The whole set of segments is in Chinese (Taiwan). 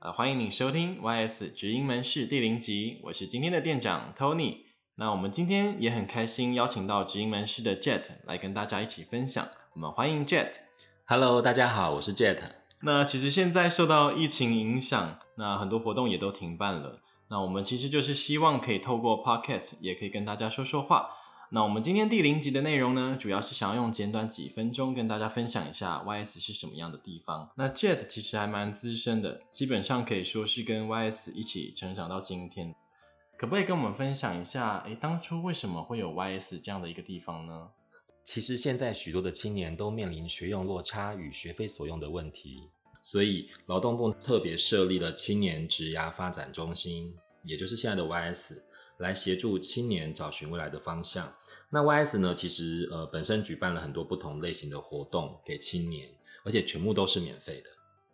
呃，歡迎你收聽 YS 直營門市第零集，我是今天的店長 Tony。那我們今天也很開心，邀請到直營門市的 Jet 來跟大家一起分享。我們歡迎 Jet。Hello，大家好，我是 Jet。那其實現在受到疫情影響，那很多活動也都停辦了。那我們其實就是希望可以透過 Podcast，也可以跟大家說說話。那我們今天第零集的內容呢，主要是想要用簡短幾分鐘跟大家分享一下 YS 是什麼樣的地方。那 Jet 其實還蠻資深的，基本上可以說是跟 YS 一起成長到今天。可不可以跟我們分享一下，哎，當初為什麼會有 YS 這樣的一個地方呢？其實現在許多的青年都面臨學用落差與學費所用的問題，所以勞動部特別設立了青年職涯發展中心，也就是現在的 YS。來協助青年找尋未來的方向。那 YS 呢？其實呃，本身舉辦了很多不同類型的活動給青年，而且全部都是免費的。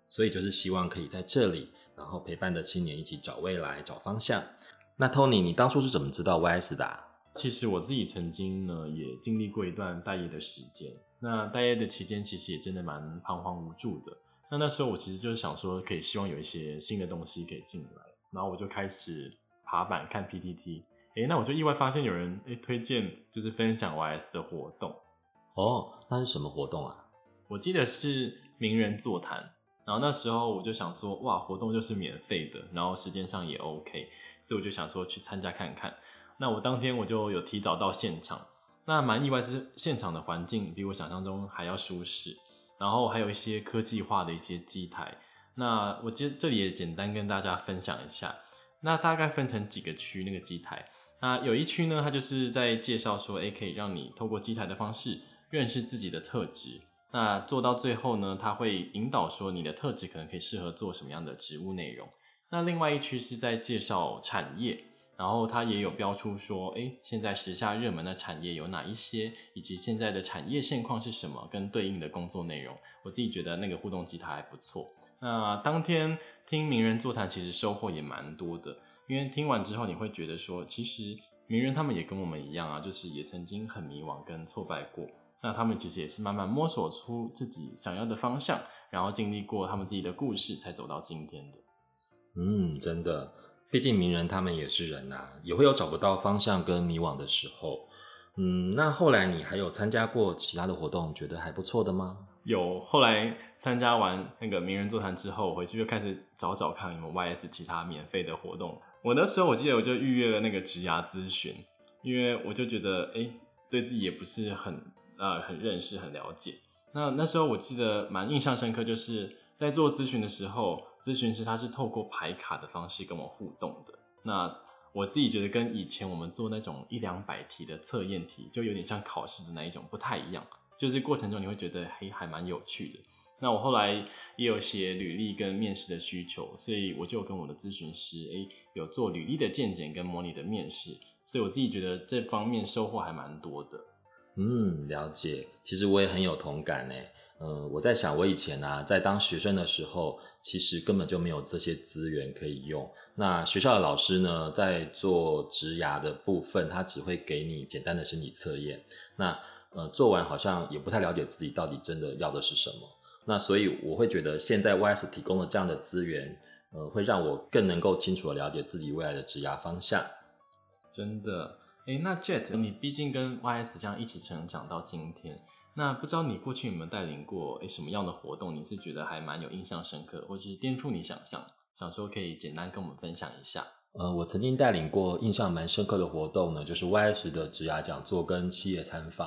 所以就是希望可以在這裡，然後陪伴著青年一起找未來、找方向。那 Tony，你當初是怎麼知道 YS 的啊？其實我自己曾經呢，也經歷過一段待業的時間。那待業的期間，其實也真的蠻彷徨無助的。那那時候我其實就是想說，可以希望有一些新的東西可以進來，然後我就開始。爬板看 PTT，哎、欸，那我就意外發現有人誒、欸、推薦，就是分享 YS 的活動哦。那是什麼活動啊？我記得是名人座談。然後那時候我就想說，哇，活動就是免費的，然後時間上也 OK，所以我就想說去參加看看。那我當天我就有提早到現場，那蠻意外，是現場的環境比我想象中還要舒適，然後還有一些科技化的一些機台。那我其實這裡也簡單跟大家分享一下。那大概分成幾個區，那個機台。那有一區呢，它就是在介紹說，誒、欸，可以讓你透過機台的方式認識自己的特質。那做到最後呢，它會引導說你的特質可能可以適合做什麼樣的職務內容。那另外一區是在介紹產業。然後他也有標出說，誒，現在時下熱門的產業有哪一些，以及現在的產業現況是什麼，跟對應的工作內容。我自己覺得那個互動機台還不錯。那當天聽名人座談，其實收穫也蠻多的，因為聽完之後你會覺得說，其實名人他們也跟我們一樣啊，就是也曾經很迷茫跟挫敗過。那他們其實也是慢慢摸索出自己想要的方向，然後經歷過他們自己的故事，才走到今天的。嗯，真的。畢竟名人他們也是人吶、啊，也會有找不到方向跟迷惘的時候。嗯，那後來你還有參加過其他的活動，覺得還不錯的嗎？有，後來參加完那個名人座談之後，回去就開始找找看有沒有 YS 其他免費的活動。我那時候我記得我就預約了那個職涯諮詢，因為我就覺得哎、欸，對自己也不是很啊、呃、很認識很了解。那那時候我記得蠻印象深刻就是。在做諮詢的時候，諮詢師他是透過牌卡的方式跟我互動的。那我自己覺得跟以前我們做那種一兩百題的測驗題，就有點像考試的那一種不太一樣、啊。就是過程中你會覺得嘿、欸，還蠻有趣的。那我後來也有寫履歷跟面試的需求，所以我就跟我的諮詢師誒、欸，有做履歷的健檢跟模擬的面試，所以我自己覺得這方面收穫還蠻多的。嗯，了解，其實我也很有同感呢。呃，我在想，我以前呢、啊，在當學生的時候，其實根本就沒有這些資源可以用。那學校的老師呢，在做植牙的部分，他只會給你簡單的身體測驗。那，呃，做完好像也不太了解自己到底真的要的是什麼。那所以我會覺得，現在 Y S 提供了這樣的資源，呃，會讓我更能夠清楚的了解自己未來的植牙方向。真的，誒，那 Jet，你畢竟跟 Y S 這樣一起成長到今天。那不知道你過去有沒有帶領過誒、欸、什麼樣的活動？你是覺得還蠻有印象深刻，或是顛覆你想象？想說可以簡單跟我們分享一下。呃，我曾經帶領過印象蠻深刻的活動呢，就是 YS 的職涯講座跟企業參訪。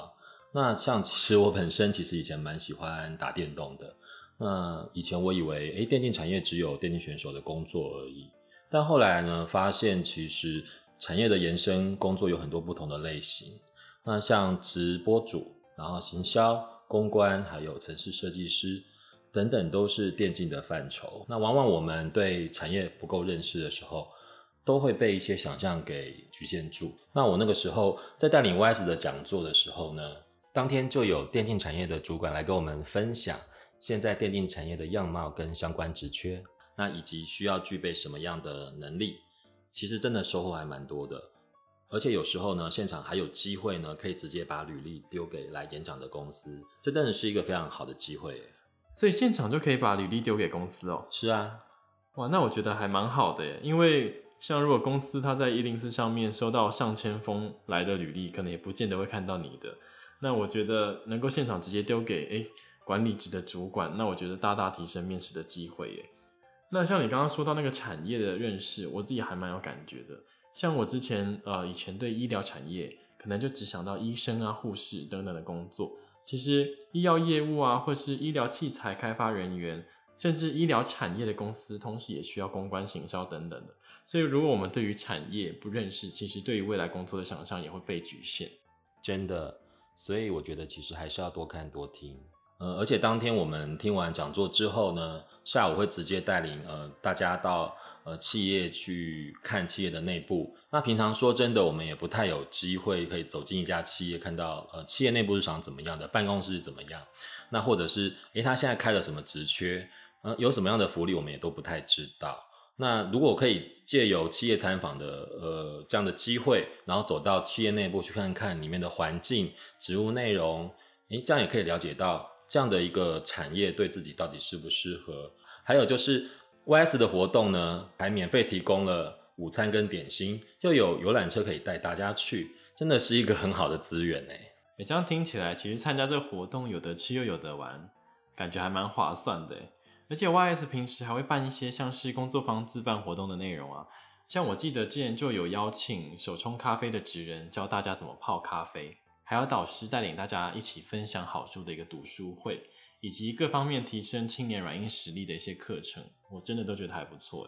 那像其實我本身其實以前蠻喜歡打電動的。那以前我以為誒、欸、電競產業只有電競選手的工作而已，但後來呢，發現其實產業的延伸工作有很多不同的類型。那像直播主。然後，行銷、公關，還有程式設計師等等，都是電競的範疇。那往往我們對產業不夠認識的時候，都會被一些想象給局限住。那我那個時候在帶領 YS 的講座的時候呢，當天就有電競產業的主管來跟我們分享現在電競產業的樣貌跟相關職缺，那以及需要具備什麼樣的能力，其實真的收穫還蠻多的。而且有時候呢，現場還有機會呢，可以直接把履歷丟給來演講的公司，這真的是一個非常好的機會。所以現場就可以把履歷丟給公司哦、喔。是啊，哇，那我覺得還蠻好的耶。因為像如果公司他在104上面收到上千封來的履歷，可能也不見得會看到你的。那我覺得能夠現場直接丟給、欸、管理職的主管，那我覺得大大提升面試的機會耶。那像你剛剛說到那個產業的認識，我自己還蠻有感覺的。像我之前呃，以前對醫療產業可能就只想到醫生啊、護士等等的工作，其實醫藥業務啊，或是醫療器材開發人員，甚至醫療產業的公司，同時也需要公關、行銷等等的。所以，如果我們對於產業不認識，其實對於未來工作的想象也會被侷限。真的，所以我覺得其實還是要多看多聽。呃，而且當天我們聽完講座之後呢，下午會直接帶領呃大家到呃企業去看企業的內部。那平常說真的，我們也不太有機會可以走進一家企業，看到呃企業內部是長怎麼樣的，辦公室怎麼樣。那或者是哎，他現在開了什麼職缺，呃，有什麼樣的福利，我們也都不太知道。那如果可以借由企業參訪的呃這樣的機會，然後走到企業內部去看看裡面的環境、職務內容，誒這樣也可以了解到。這樣的一個產業對自己到底適不適合？還有就是 YS 的活動呢，還免費提供了午餐跟點心，又有遊覽車可以帶大家去，真的是一個很好的資源耶。哎，這樣聽起來，其實參加這個活動有得吃又有得玩，感覺還蠻划算的耶。而且 YS 平時還會辦一些像是工作坊、自辦活動的內容啊，像我記得之前就有邀請手沖咖啡的職人教大家怎麼泡咖啡。還有導師帶領大家一起分享好書的一個讀書會，以及各方面提升青年軟硬實力的一些課程，我真的都覺得還不錯。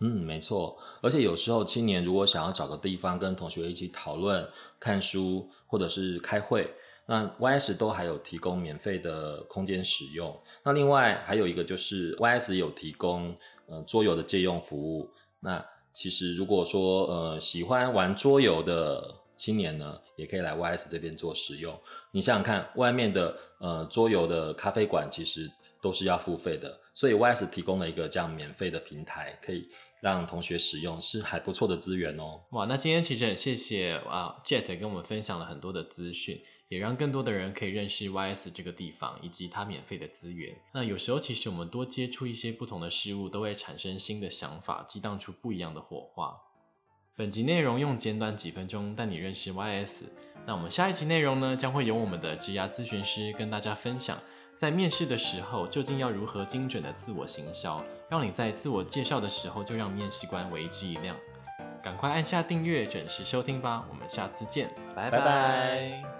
嗯，沒錯。而且有時候青年如果想要找個地方跟同學一起討論、看書或者是開會，那 YS 都還有提供免費的空間使用。那另外還有一個就是 YS 有提供呃桌遊的借用服務。那其實如果說呃喜歡玩桌遊的。青年呢，也可以來 YS 這邊做使用。你想想看，外面的呃桌遊的咖啡館其實都是要付費的，所以 YS 提供了一個這樣免費的平台，可以讓同學使用，是還不錯的資源哦。哇，那今天其實很謝謝啊 Jet 跟我們分享了很多的資訊，也讓更多的人可以認識 YS 這個地方以及它免費的資源。那有時候其實我們多接觸一些不同的事物，都會產生新的想法，激盪出不一樣的火花。.本集內容用簡短幾分鐘帶你認識 YS。那我們下一集內容呢，將會由我們的職涯諮詢師跟大家分享，在面試的時候究竟要如何精準的自我行銷，讓你在自我介紹的時候就讓面試官為之一亮。趕快按下訂閱，準時收聽吧。我們下次見，拜拜。拜拜。